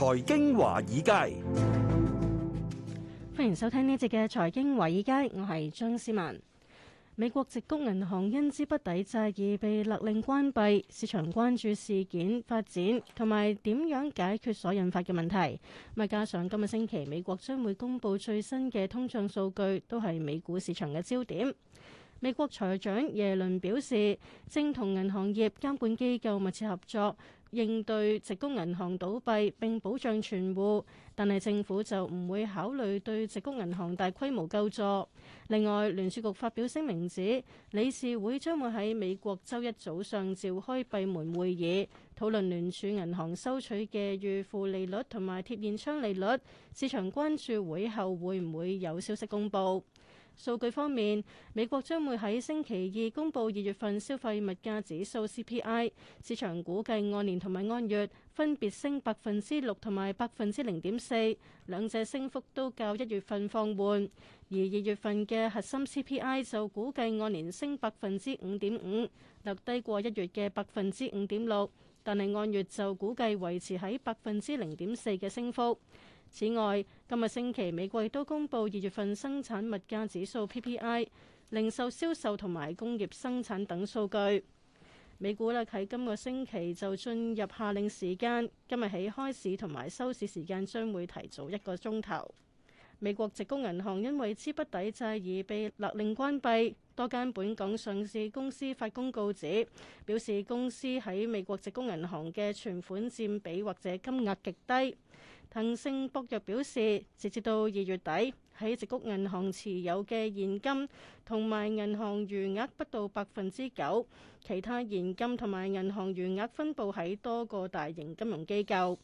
財經華爾街，歡迎收聽呢一節嘅財經華爾街，我係張思文。美國矽谷銀行因資不抵債而被勒令關閉，市場關注事件發展同埋點樣解決所引發嘅問題。啊，加上今個星期，美國將會公布最新嘅通脹數據，都係美股市場嘅焦點。美國財長耶倫表示，正同銀行業監管機構密切合作。應對直轄銀行倒閉並保障存戶，但係政府就唔會考慮對直轄銀行大規模救助。另外，聯儲局發表聲明指，理事會將會喺美國周一早上召開閉門會議，討論聯儲銀行收取嘅預付利率同埋貼現窗利率。市場關注會後會唔會有消息公布。數據方面，美國將會喺星期二公布二月份消費物價指數 CPI，市場估計按年同埋按月分別升百分之六同埋百分之零點四，兩者升幅都較一月份放緩。而二月份嘅核心 CPI 就估計按年升百分之五點五，略低過一月嘅百分之五點六，但係按月就估計維持喺百分之零點四嘅升幅。此外，今日星期，美國亦都公布二月份生產物價指數 （PPI）、零售銷售同埋工業生產等數據。美股咧喺今個星期就進入夏令時間，今日起開市同埋收市時間將會提早一個鐘頭。美國矽谷銀行因為資不抵債而被勒令關閉，多間本港上市公司發公告指表示公司喺美國矽谷銀行嘅存款佔比或者金額極低。騰盛博藥表示，截至到二月底，喺硅谷銀行持有嘅現金同埋銀行餘額不到百分之九，其他現金同埋銀行餘額分布喺多個大型金融機構。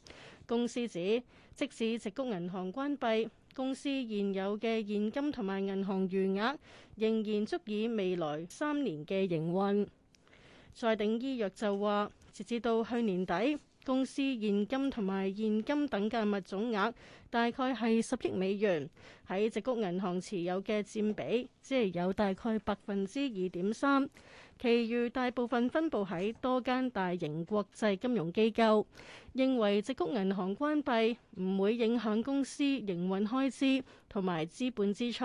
公司指，即使硅谷銀行關閉，公司現有嘅現金同埋銀行餘額仍然足以未來三年嘅營運。再鼎醫藥就話，截至到去年底，公司現金同埋現金等價物總額大概係十億美元，喺矽谷銀行持有嘅佔比只係有大概百分之二點三，其餘大部分分布喺多間大型國際金融機構。認為矽谷銀行關閉唔會影響公司營運開支同埋資本支出。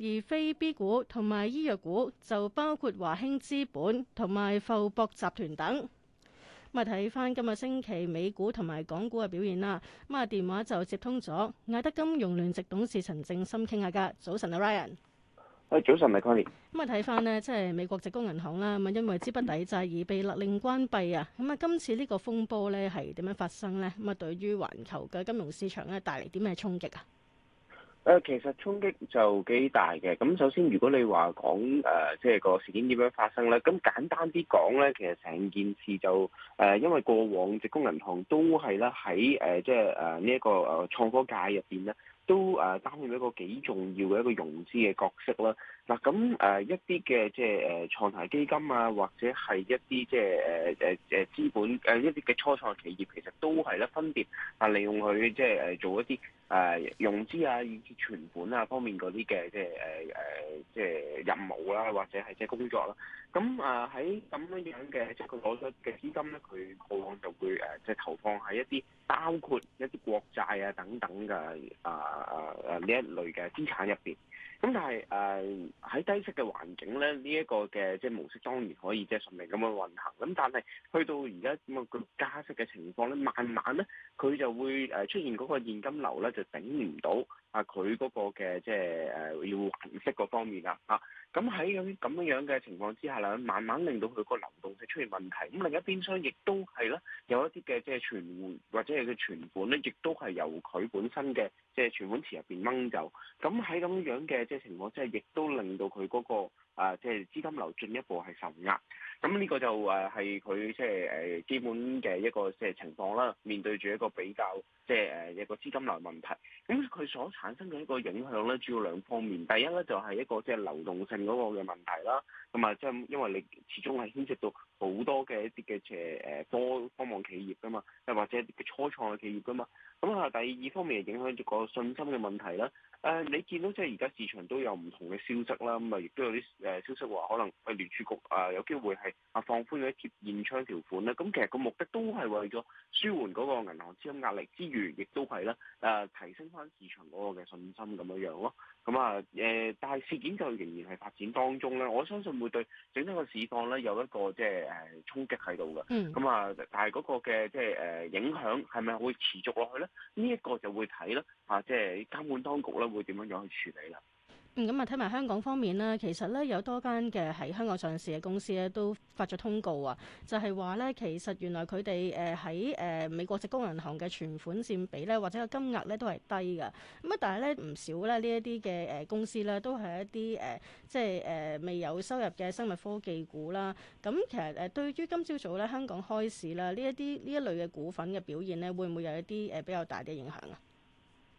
而非 B 股同埋醫藥股就包括華興資本同埋阜博集團等。咁啊睇翻今個星期美股同埋港股嘅表現啦。咁啊電話就接通咗，艾德金融聯席董事陳正心傾下噶。早晨啊，Ryan。早晨，Michael。咁啊睇翻呢，即係美國直工銀行啦，咁啊因為資不抵債而被勒令關閉啊。咁啊今次呢個風波咧係點樣發生呢？咁啊對於環球嘅金融市場咧帶嚟點嘅衝擊啊？誒其實衝擊就幾大嘅，咁首先如果你話講誒即係個事件點樣發生咧，咁簡單啲講咧，其實成件事就、呃、因為過往矽谷銀行都係咧喺誒即係呢一個誒創科界入邊咧。都誒擔任一個幾重要嘅一個融資嘅角色啦。嗱咁誒一啲嘅即係誒創投基金啊，或者係一啲即係誒誒誒資本誒、啊、一啲嘅初創企業，其實都係咧分別啊利用佢即係誒做一啲誒融資啊，以至存款啊方面嗰啲嘅即係誒誒即係任務啦、啊，或者係即係工作啦。咁啊喺咁樣樣嘅即係佢攞咗嘅資金咧，佢往往就會誒即係投放喺一啲包括一啲國債啊等等嘅啊。啊啊呢一類嘅資產入邊。咁但係誒喺低息嘅環境咧，呢、呢、一個嘅即係模式當然可以即係順利咁樣運行。咁但係去到而家咁嘅加息嘅情況咧，慢慢咧佢就會誒出現嗰個現金流咧就頂唔到啊，佢嗰個嘅即係誒要還息嗰方面啦啊。咁喺咁樣咁樣嘅情況之下啦，慢慢令到佢個流動性出現問題。咁另一邊廂亦都係咧有一啲嘅即係存款或者係嘅存款咧，亦都係由佢本身嘅即係存款池入邊掹走。咁喺咁樣嘅即係情況，即係亦都令到佢嗰個。啊，即、就、係、是、資金流進一步係受壓，咁呢個就誒係佢即係基本嘅一個即係情況啦。面對住一個比較即係、就是、一個資金流問題，咁佢所產生嘅一個影響咧，主要兩方面。第一咧就係、是、一個即係流動性嗰個嘅問題啦，咁啊即係因為你始終係牽涉到好多嘅一啲嘅誒誒科科網企業噶嘛，又或者啲初創嘅企業噶嘛。咁啊第二方面嘅影響就個信心嘅問題啦。誒，你見到即係而家市場都有唔同嘅消息啦，咁啊亦都有啲。誒消息話可能聯儲局有機會係啊放寬咗一貼現窗條款，咁其實個目的都係為咗舒緩嗰個銀行資金壓力之餘，亦都係咧提升翻市場嗰個嘅信心咁樣樣咯。咁啊，但係事件就仍然係發展當中咧，我相信會對整體個市況咧有一個即係誒衝擊喺度嘅。咁、嗯、啊，但係嗰個嘅即係誒影響係咪會持續落去咧？呢、這、一個就會睇啦。啊，即係監管當局咧會點樣樣去處理啦。咁啊，睇埋香港方面啦，其實咧有多間嘅喺香港上市嘅公司咧，都發咗通告啊，就係話咧，其實原來佢哋誒喺誒美國矽谷銀行嘅存款佔比咧，或者個金額咧都係低噶。咁啊，但係咧唔少咧呢一啲嘅誒公司咧，都係一啲誒即係誒未有收入嘅生物科技股啦。咁其實誒對於今朝早咧香港開市啦，呢一啲呢一類嘅股份嘅表現咧，會唔會有一啲誒比較大嘅影響啊？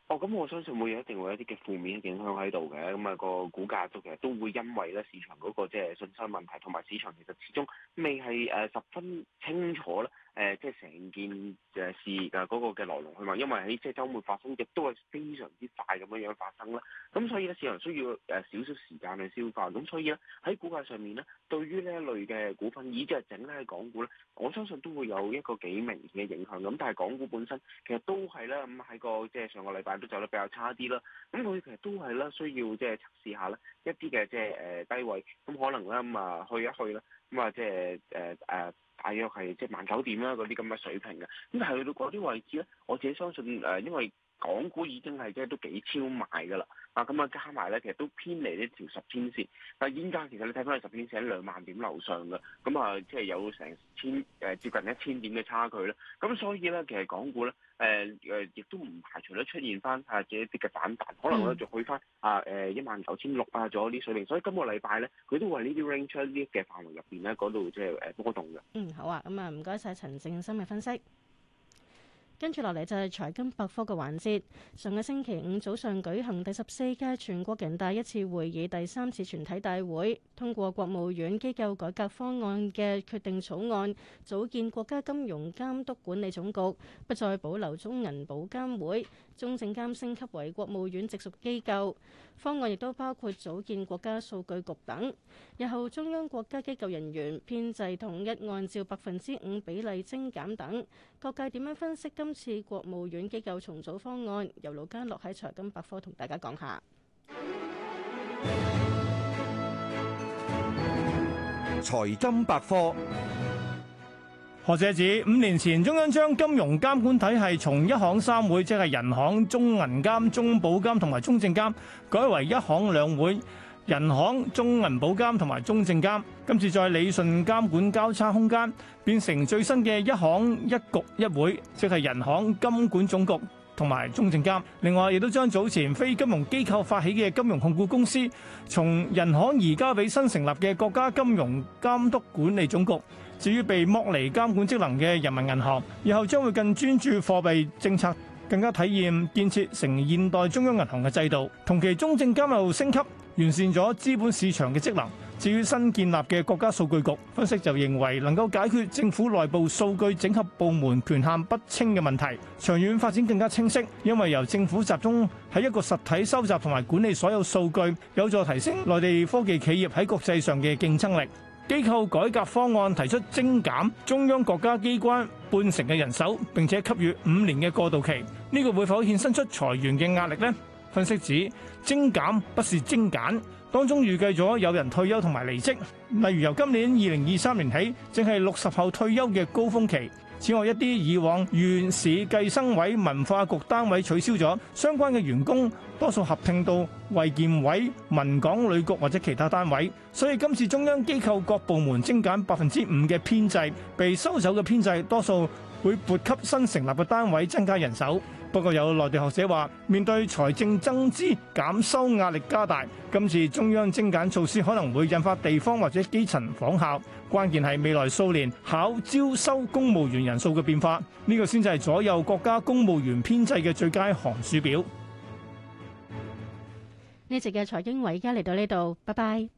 哦，咁我相信會有一定會有一啲嘅負面影響喺度嘅，咁、那、啊個股價都其實都會因為咧市場嗰個即係信心問題，同埋市場其實始終未係誒十分清楚啦。誒、呃，即係成件誒事啊，嗰個嘅來龍去脈，因為喺即係週末發生，亦都係非常之快咁樣樣發生啦。咁所以咧，市場需要誒少少時間去消化。咁所以咧，喺股價上面咧，對於呢一類嘅股份，以至係整體嘅港股咧，我相信都會有一個幾明顯嘅影響。咁但係港股本身其實都係咧，咁喺個即係上個禮拜都走得比較差啲啦。咁佢其實都係咧，需要即係測試一下咧一啲嘅即係誒低位，咁可能咧咁啊去一去啦，咁啊即係誒誒。啊大約係即係萬九點啦，嗰啲咁嘅水平嘅，咁但係去到嗰啲位置咧，我自己相信誒、呃，因為。港股已經係即係都幾超賣㗎啦，啊咁啊加埋咧，其實都偏離呢條十天線。但係現間其實你睇翻佢十天線喺兩萬點樓上嘅，咁、嗯、啊即係有成千誒接近一千點嘅差距咧。咁、嗯、所以咧其實港股咧誒誒亦都唔排除咧出現翻啊嘅一啲嘅反彈，可能我哋仲去翻啊誒一萬九千六啊咗啲水平。所以今個禮拜咧佢都會係呢啲 range 呢啲嘅範圍入邊咧嗰度即係誒波動嘅。嗯，好啊，咁啊唔該晒陳正森嘅分析。跟住落嚟就係財金百科嘅環節。上個星期五早上舉行第十四屆全國人大一次會議第三次全體大會，通過國務院機構改革方案嘅決定草案，組建國家金融監督管理總局，不再保留中銀保監會，中證監升級為國務院直屬機構。方案亦都包括組建國家數據局等。日後中央國家機構人員編制統一按照百分之五比例精減等。各界點樣分析今今次國務院機構重組方案，由盧家樂喺財金百科同大家講下。財金百科，學者指五年前中央將金融監管體系從一行三會，即係人行、中銀監、中保監同埋中證監，改為一行兩會。人行、中銀保監同埋中證監，今次再理順監管交叉空間，變成最新嘅一行一局一會，即係人行、金管總局同埋中證監。另外，亦都將早前非金融機構發起嘅金融控股公司，從人行移交俾新成立嘅國家金融監督管理總局。至於被剝離監管職能嘅人民銀行，以後將會更專注貨幣政策，更加體現建設成現代中央銀行嘅制度。同期，中證監又升級。完善咗資本市場嘅職能。至於新建立嘅國家數據局，分析就認為能夠解決政府內部數據整合部門權限不清嘅問題，長遠發展更加清晰。因為由政府集中喺一個實體收集同埋管理所有數據，有助提升內地科技企業喺國際上嘅競爭力。機構改革方案提出精減中央國家機關半成嘅人手，並且給予五年嘅過渡期。呢個會否衍生出裁員嘅壓力呢？分析指精減不是精簡，當中預計咗有人退休同埋離職，例如由今年二零二三年起，正係六十後退休嘅高峰期。此外，一啲以往縣市計生委、文化局單位取消咗相關嘅員工，多數合併到衛健委、文港旅局或者其他單位。所以今次中央機構各部門精簡百分之五嘅編制，被收走嘅編制多數會撥給新成立嘅單位增加人手。不過有內地學者話，面對財政增支減收壓力加大，今次中央精簡措施可能會引發地方或者基層仿效。關鍵係未來數年考招收公務員人數嘅變化，呢、這個先至係左右國家公務員編制嘅最佳寒暑表。呢節嘅財經委而家嚟到呢度，拜拜。